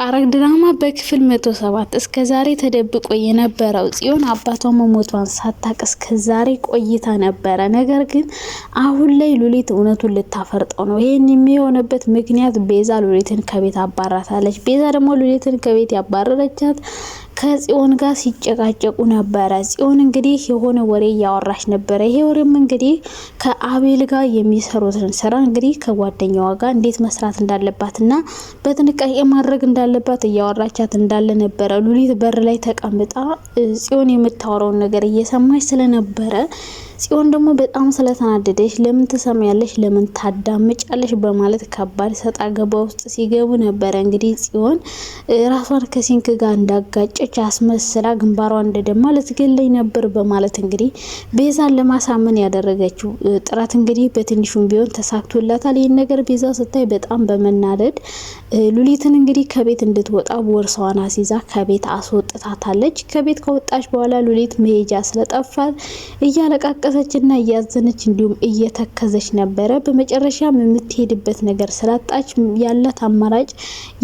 ሐረግ ድራማ በክፍል መቶ ሰባት እስከ ዛሬ ተደብቆ የነበረው ጽዮን አባቷ መሞቷን ሳታቅ እስከ ዛሬ ቆይታ ነበረ። ነገር ግን አሁን ላይ ሉሊት እውነቱን ልታፈርጠው ነው። ይህን የሚሆነበት ምክንያት ቤዛ ሉሊትን ከቤት አባራታለች። ቤዛ ደግሞ ሉሊትን ከቤት ያባረረቻት ከጽዮን ጋር ሲጨቃጨቁ ነበረ። ጽዮን እንግዲህ የሆነ ወሬ እያወራች ነበረ። ይሄ ወሬም እንግዲህ ከአቤል ጋር የሚሰሩትን ስራ እንግዲህ ከጓደኛዋ ጋር እንዴት መስራት እንዳለባት እና በጥንቃቄ ማድረግ እንዳለባት እያወራቻት እንዳለ ነበረ። ሉሊት በር ላይ ተቀምጣ ጽዮን የምታወራውን ነገር እየሰማች ስለነበረ ጽዮን ደግሞ በጣም ስለተናደደች ለምን ትሰሚያለሽ፣ ለምን ታዳምጫለሽ በማለት ከባድ ሰጣ ገባ ውስጥ ሲገቡ ነበረ። እንግዲህ ጽዮን ራሷን ከሲንክ ጋር እንዳጋጨች አስመስላ ግንባሯ እንደደማ ልትገለኝ ነበር በማለት እንግዲህ ቤዛን ለማሳመን ያደረገችው ጥረት እንግዲህ በትንሹም ቢሆን ተሳክቶላታል። ይህን ነገር ቤዛ ስታይ በጣም በመናደድ ሉሊትን እንግዲህ ከቤት እንድትወጣ ቦርሳዋን አስይዛ ከቤት አስወጥታታለች። ከቤት ከወጣች በኋላ ሉሊት መሄጃ ስለጠፋት እያለቃቀ እያለቀሰችና እያዘነች እንዲሁም እየተከዘች ነበረ። በመጨረሻም የምትሄድበት ነገር ስላጣች ያላት አማራጭ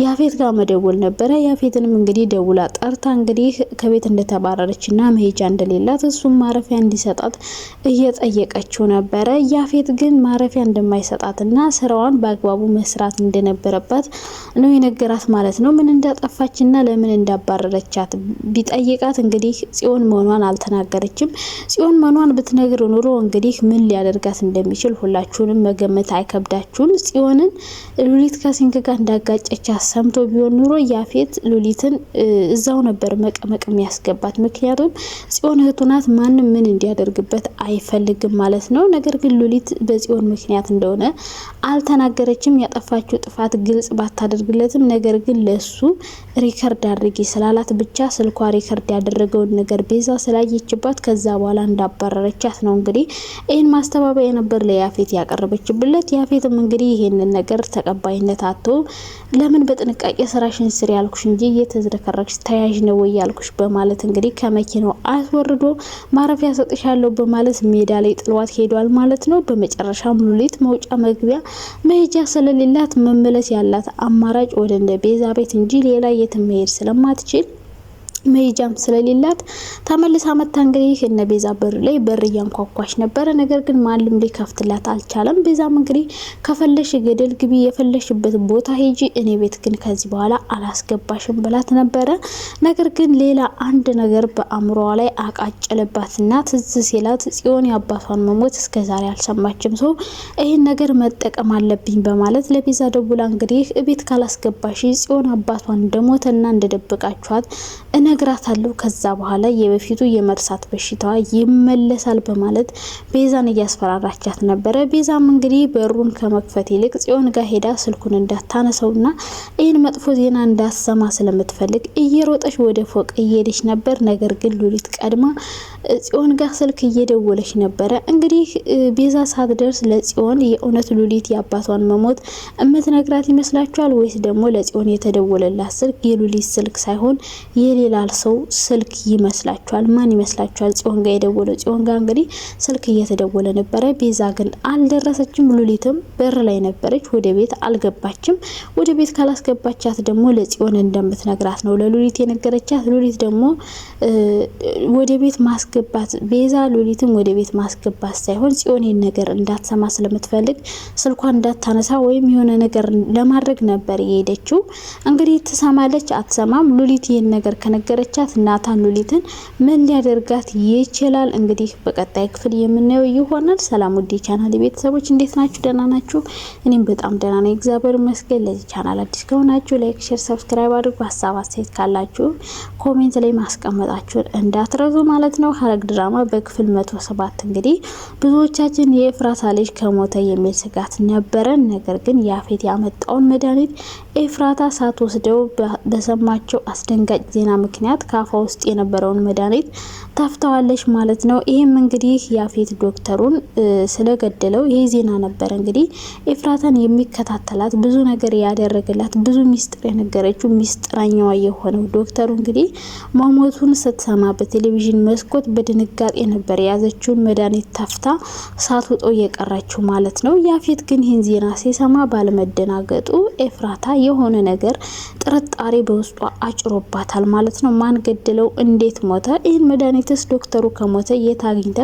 ያፌት ጋር መደወል ነበረ። ያፌትንም እንግዲህ ደውላ ጠርታ እንግዲህ ከቤት እንደተባረረችና መሄጃ እንደሌላት እሱም ማረፊያ እንዲሰጣት እየጠየቀችው ነበረ። ያፌት ግን ማረፊያ እንደማይሰጣትና ስራዋን በአግባቡ መስራት እንደነበረባት ነው የነገራት ማለት ነው። ምን እንዳጠፋችና ለምን እንዳባረረቻት ቢጠይቃት እንግዲህ ጽዮን መሆኗን አልተናገረችም። ጽዮን መሆኗን ብትነግ ቢነግር ኑሮ እንግዲህ ምን ሊያደርጋት እንደሚችል ሁላችሁንም መገመት አይከብዳችሁም። ጽዮንን ሉሊት ከሲንክ ጋር እንዳጋጨች ሰምቶ ቢሆን ኑሮ ያፌት ሉሊትን እዛው ነበር መቀመቅ የሚያስገባት። ምክንያቱም ጽዮን እህቱ ናት፣ ማንም ምን እንዲያደርግበት አይፈልግም ማለት ነው። ነገር ግን ሉሊት በጽዮን ምክንያት እንደሆነ አልተናገረችም። ያጠፋችው ጥፋት ግልጽ ባታደርግለትም ነገር ግን ለሱ ሪከርድ አድርጌ ስላላት ብቻ ስልኳ ሪከርድ ያደረገውን ነገር ቤዛ ስላየችባት ከዛ በኋላ እንዳባረረቻት ማለት ነው እንግዲህ ይህን ማስተባበያ ነበር ለያፌት ያቀረበችብለት። ያፌትም እንግዲህ ይህንን ነገር ተቀባይነት አቶ ለምን በጥንቃቄ ስራሽን ስሪ ያልኩሽ እንጂ እየተዝረከረክሽ ተያዥ ነው ወይ ያልኩሽ በማለት እንግዲህ ከመኪናው አስወርዶ ማረፊያ ሰጥሻለሁ በማለት ሜዳ ላይ ጥሏት ሄዷል ማለት ነው። በመጨረሻ ሙሉሊት መውጫ መግቢያ መሄጃ ስለሌላት መመለስ ያላት አማራጭ ወደ እንደ ቤዛ ቤት እንጂ ሌላ የትም መሄድ ስለማትችል መሄጃም ስለሌላት ተመልሳ መታ እንግዲህ እነ ቤዛ በር ላይ በር እያንኳኳች ነበረ። ነገር ግን ማንም ሊከፍትላት አልቻለም። ቤዛም እንግዲህ ከፈለሽ ገደል ግቢ፣ የፈለሽበት ቦታ ሄጂ፣ እኔ ቤት ግን ከዚህ በኋላ አላስገባሽም ብላት ነበረ። ነገር ግን ሌላ አንድ ነገር በአእምሮዋ ላይ አቃጨለባትና ትዝ ሲላት ጽዮን የአባቷን መሞት ዛሬ አልሰማችም፣ ሰው ይህን ነገር መጠቀም አለብኝ በማለት ለቤዛ ደውላ እንግዲህ እቤት ካላስገባሽ ጽዮን አባቷን እንደሞተና እንደደበቃችኋት እነግራታለሁ። ከዛ በኋላ የበፊቱ የመርሳት በሽታዋ ይመለሳል በማለት ቤዛን እያስፈራራቻት ነበረ። ቤዛም እንግዲህ በሩን ከመክፈት ይልቅ ጽዮን ጋር ሄዳ ስልኩን እንዳታነሰውና ይህን መጥፎ ዜና እንዳሰማ ስለምትፈልግ እየሮጠች ወደ ፎቅ እየሄደች ነበር። ነገር ግን ሉሊት ቀድማ ጽዮን ጋር ስልክ እየደወለች ነበረ። እንግዲህ ቤዛ ሳትደርስ ለጽዮን የእውነት ሉሊት የአባቷን መሞት እምትነግራት ይመስላችኋል? ወይስ ደግሞ ለጽዮን የተደወለላት ስልክ የሉሊት ስልክ ሳይሆን የሌላ ቀላል ሰው ስልክ ይመስላችኋል? ማን ይመስላችኋል? ጽዮን ጋር የደወለው ጽዮን ጋር እንግዲህ ስልክ እየተደወለ ነበረ። ቤዛ ግን አልደረሰችም። ሉሊትም በር ላይ ነበረች፣ ወደ ቤት አልገባችም። ወደ ቤት ካላስገባቻት ደግሞ ለጽዮን እንደምትነግራት ነው ለሉሊት የነገረቻት። ሉሊት ደግሞ ወደ ቤት ማስገባት ቤዛ ሉሊትም ወደ ቤት ማስገባት ሳይሆን ጽዮን ይህን ነገር እንዳትሰማ ስለምትፈልግ ስልኳን እንዳታነሳ ወይም የሆነ ነገር ለማድረግ ነበር የሄደችው። እንግዲህ ትሰማለች አትሰማም? ሉሊት ይህን ነገር ከነገ ያናገረቻት ናታን ሉሊትን ምን ሊያደርጋት ይችላል? እንግዲህ በቀጣይ ክፍል የምናየው ይሆናል። ሰላም ውዴ ቻናል ቤተሰቦች እንዴት ናችሁ? ደህና ናችሁ? እኔም በጣም ደህና ነኝ፣ እግዚአብሔር ይመስገን። ለዚህ ቻናል አዲስ ከሆናችሁ ላይክ፣ ሼር፣ ሰብስክራይብ አድርጉ። ሀሳብ አስተያየት ካላችሁ ኮሜንት ላይ ማስቀመጣችሁን እንዳትረሱ ማለት ነው። ሐረግ ድራማ በክፍል መቶ ሰባት እንግዲህ ብዙዎቻችን የኤፍራታ ልጅ ከሞተ የሚል ስጋት ነበረን። ነገር ግን ያፌት ያመጣውን መድኃኒት ኤፍራታ ሳትወስደው በሰማቸው አስደንጋጭ ዜና ምክንያት ምክንያት ከአፏ ውስጥ የነበረውን መድኃኒት ታፍተዋለች ማለት ነው። ይህም እንግዲህ ያፌት ዶክተሩን ስለገደለው ይህ ዜና ነበረ። እንግዲህ ኤፍራታን የሚከታተላት ብዙ ነገር ያደረገላት ብዙ ሚስጥር የነገረችው ሚስጥረኛዋ የሆነው ዶክተሩ እንግዲህ መሞቱን ስትሰማ በቴሌቪዥን መስኮት በድንጋጤ ነበር የያዘችውን መድኃኒት ታፍታ ሳትውጦ እየቀራችው ማለት ነው። ያፌት ግን ይህን ዜና ሲሰማ ባለመደናገጡ ኤፍራታ የሆነ ነገር ጥርጣሬ በውስጧ አጭሮባታል ማለት ነው። ነው? ማን ገደለው? እንዴት ሞተ? ይህን መድኃኒትስ ዶክተሩ ከሞተ የት አግኝተ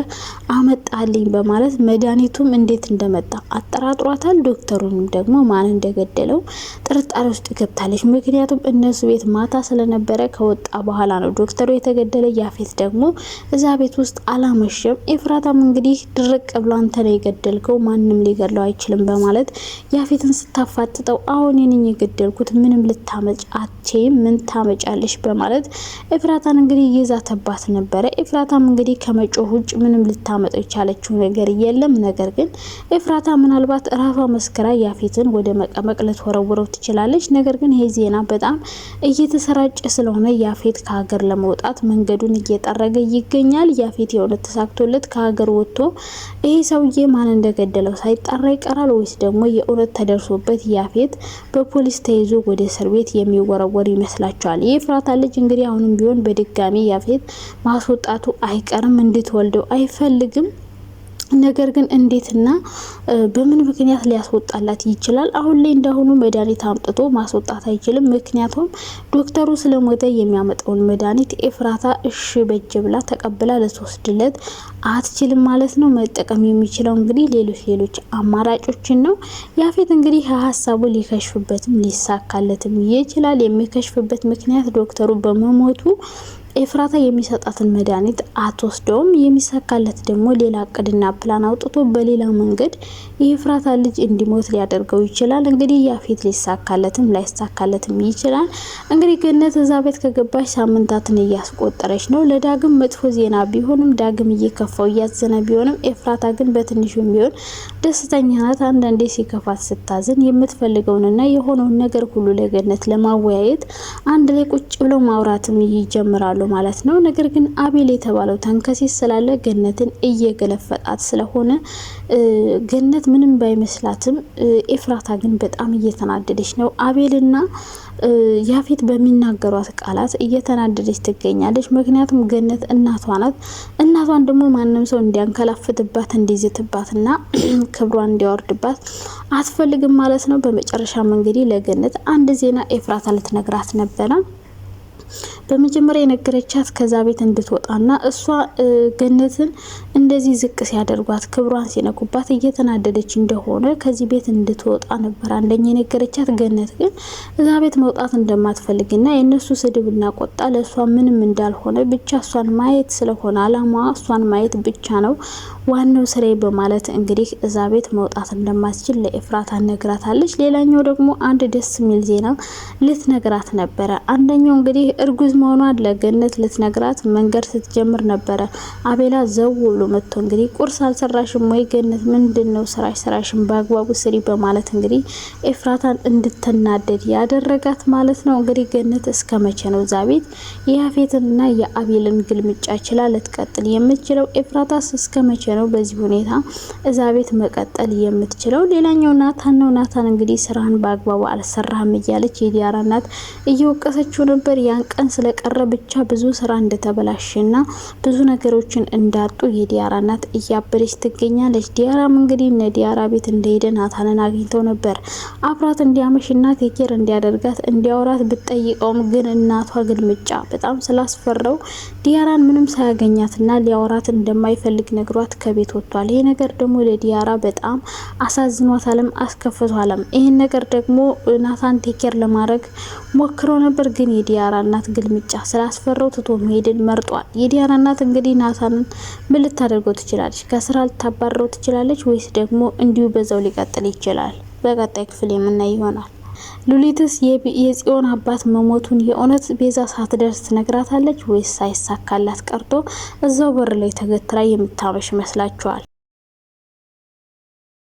አመጣልኝ? በማለት መድኃኒቱም እንዴት እንደመጣ አጠራጥሯታል። ዶክተሩንም ደግሞ ማን እንደገደለው ጥርጣሬ ውስጥ ገብታለች። ምክንያቱም እነሱ ቤት ማታ ስለነበረ ከወጣ በኋላ ነው ዶክተሩ የተገደለ። ያፌት ደግሞ እዛ ቤት ውስጥ አላመሸም። ኤፍራታም እንግዲህ ድርቅ ብሎ አንተ ነው የገደልከው፣ ማንም ሊገድለው አይችልም በማለት ያፌትን ስታፋጥጠው አሁን የገደልኩት ምንም ልታመጭ አትችይም፣ ምን ታመጫለሽ በማለት ኤፍራታን እንግዲህ እየዛተባት ነበረ። ኤፍራታም እንግዲህ ከመጮህ ውጭ ምንም ልታመጠው የቻለችው ነገር የለም። ነገር ግን ኤፍራታ ምናልባት ራሷ መስክራ ያፌትን ወደ መቀመቅ ልትወረውረው ትችላለች። ነገር ግን ይሄ ዜና በጣም እየተሰራጨ ስለሆነ ያፌት ከሀገር ለመውጣት መንገዱን እየጠረገ ይገኛል። ያፌት የሆነ ተሳክቶለት ከሀገር ወጥቶ ይሄ ሰውዬ ማን እንደገደለው ሳይጣራ ይቀራል ወይስ ደግሞ የእውነት ተደርሶበት ያፌት በፖሊስ ተይዞ ወደ እስር ቤት የሚወረወር ይመስላቸዋል? የኤፍራታ ልጅ እንግዲህ አሁንም ቢሆን በድጋሚ ያፌት ማስወጣቱ አይቀርም። እንድትወልደው አይፈልግም። ነገር ግን እንዴትና በምን ምክንያት ሊያስወጣላት ይችላል? አሁን ላይ እንደሆኑ መድኃኒት አምጥቶ ማስወጣት አይችልም። ምክንያቱም ዶክተሩ ስለሞተ የሚያመጣውን መድኃኒት ኤፍራታ እሺ በጀ ብላ ተቀብላ ለት አትችልም ማለት ነው። መጠቀም የሚችለው እንግዲህ ሌሎች ሌሎች አማራጮችን ነው። ያፌት እንግዲህ ሀሳቡ ሊከሽፍበትም ሊሳካለትም ይችላል። የሚከሽፍበት ምክንያት ዶክተሩ በመሞቱ ኤፍራታ የሚሰጣትን መድኃኒት አትወስደውም። የሚሳካለት ደግሞ ሌላ እቅድና ፕላን አውጥቶ በሌላ መንገድ የኤፍራታ ልጅ እንዲሞት ሊያደርገው ይችላል። እንግዲህ ያፌት ሊሳካለትም ላይሳካለትም ይችላል። እንግዲህ ገነት እዛ ቤት ከገባች ሳምንታትን እያስቆጠረች ነው። ለዳግም መጥፎ ዜና ቢሆንም ዳግም እየከፋው እያዘነ ቢሆንም ኤፍራታ ግን በትንሹም ቢሆን ደስተኛ ናት። አንዳንዴ ሲከፋት ስታዝን የምትፈልገውንና የሆነውን ነገር ሁሉ ለገነት ለማወያየት አንድ ላይ ቁጭ ብለው ማውራትም ይጀምራሉ። ማለት ነው። ነገር ግን አቤል የተባለው ተንከሴት ስላለ ገነትን እየገለፈጣት ስለሆነ ገነት ምንም ባይመስላትም ኤፍራታ ግን በጣም እየተናደደች ነው። አቤልና ያፌት በሚናገሯት ቃላት እየተናደደች ትገኛለች። ምክንያቱም ገነት እናቷ ናት። እናቷን ደግሞ ማንም ሰው እንዲያንከላፍትባት፣ እንዲዝትባትና ክብሯን እንዲያወርድባት አትፈልግም ማለት ነው። በመጨረሻም እንግዲህ ለገነት አንድ ዜና ኤፍራታ ልትነግራት ነበረ። በመጀመሪያ የነገረቻት ከዛ ቤት እንድትወጣና እሷ ገነትን እንደዚህ ዝቅ ሲያደርጓት ክብሯን ሲነኩባት እየተናደደች እንደሆነ ከዚህ ቤት እንድትወጣ ነበር አንደኛ የነገረቻት። ገነት ግን እዛ ቤት መውጣት እንደማትፈልግና የእነሱ ስድብና ቆጣ ለእሷ ምንም እንዳልሆነ ብቻ እሷን ማየት ስለሆነ አላማዋ እሷን ማየት ብቻ ነው ዋናው ስሬ በማለት እንግዲህ እዛ ቤት መውጣት እንደማትችል ለኤፍራታ ነግራታለች። ሌላኛው ደግሞ አንድ ደስ የሚል ዜና ልትነግራት ነበረ። አንደኛው እንግዲህ እርጉዝ መሆኗን ለገነት ልትነግራት መንገድ ስትጀምር ነበረ አቤላ ዘው ብሎ መጥቶ እንግዲህ ቁርስ አልሰራሽም ወይ ገነት? ምንድን ነው ስራሽ? ስራሽን በአግባቡ ስሪ በማለት እንግዲህ ኤፍራታን እንድትናደድ ያደረጋት ማለት ነው። እንግዲህ ገነት እስከ መቼ ነው እዛ ቤት የያፌትንና የአቤልን ግልምጫ ችላ ልትቀጥል የምትችለው? ኤፍራታስ እስከ መቼ ነው በዚህ ሁኔታ እዛ ቤት መቀጠል የምትችለው? ሌላኛው ናታን ነው። ናታን እንግዲህ ስራህን በአግባቡ አልሰራህም እያለች የዲያራ እናት እየወቀሰችው ነበር ያን ቀን ስለ ስለቀረ ብቻ ብዙ ስራ እንደተበላሸና ብዙ ነገሮችን እንዳጡ የዲያራ እናት እያበደች ትገኛለች። ዲያራም እንግዲህ እነ ዲያራ ቤት እንደሄደ ናታንን አግኝተው ነበር። አብራት እንዲያመሽና ቴኬር እንዲያደርጋት እንዲያወራት ብትጠይቀውም ግን እናቷ ግልምጫ በጣም ስላስፈረው ዲያራን ምንም ሳያገኛትና ሊያወራት እንደማይፈልግ ነግሯት ከቤት ወጥቷል። ይሄ ነገር ደግሞ ለዲያራ በጣም አሳዝኗታልም አስከፍቷልም። ይህን ነገር ደግሞ ናታን ቴኬር ለማድረግ ሞክሮ ነበር፣ ግን የዲያራ እናት ግልምጫ እርምጃ ስላስፈራው ትቶ መሄድን መርጧል። የዲያና እናት እንግዲህ ናታንን ምን ልታደርገው ትችላለች? ከስራ ልታባረው ትችላለች ወይስ ደግሞ እንዲሁ በዛው ሊቀጥል ይችላል? በቀጣይ ክፍል የምናይ ይሆናል። ሉሊትስ የጽዮን አባት መሞቱን የእውነት ቤዛ ሳትደርስ ትነግራታለች ወይስ ሳይሳካላት ቀርቶ እዛው በር ላይ ተገትራ የምታመሽ ይመስላችኋል?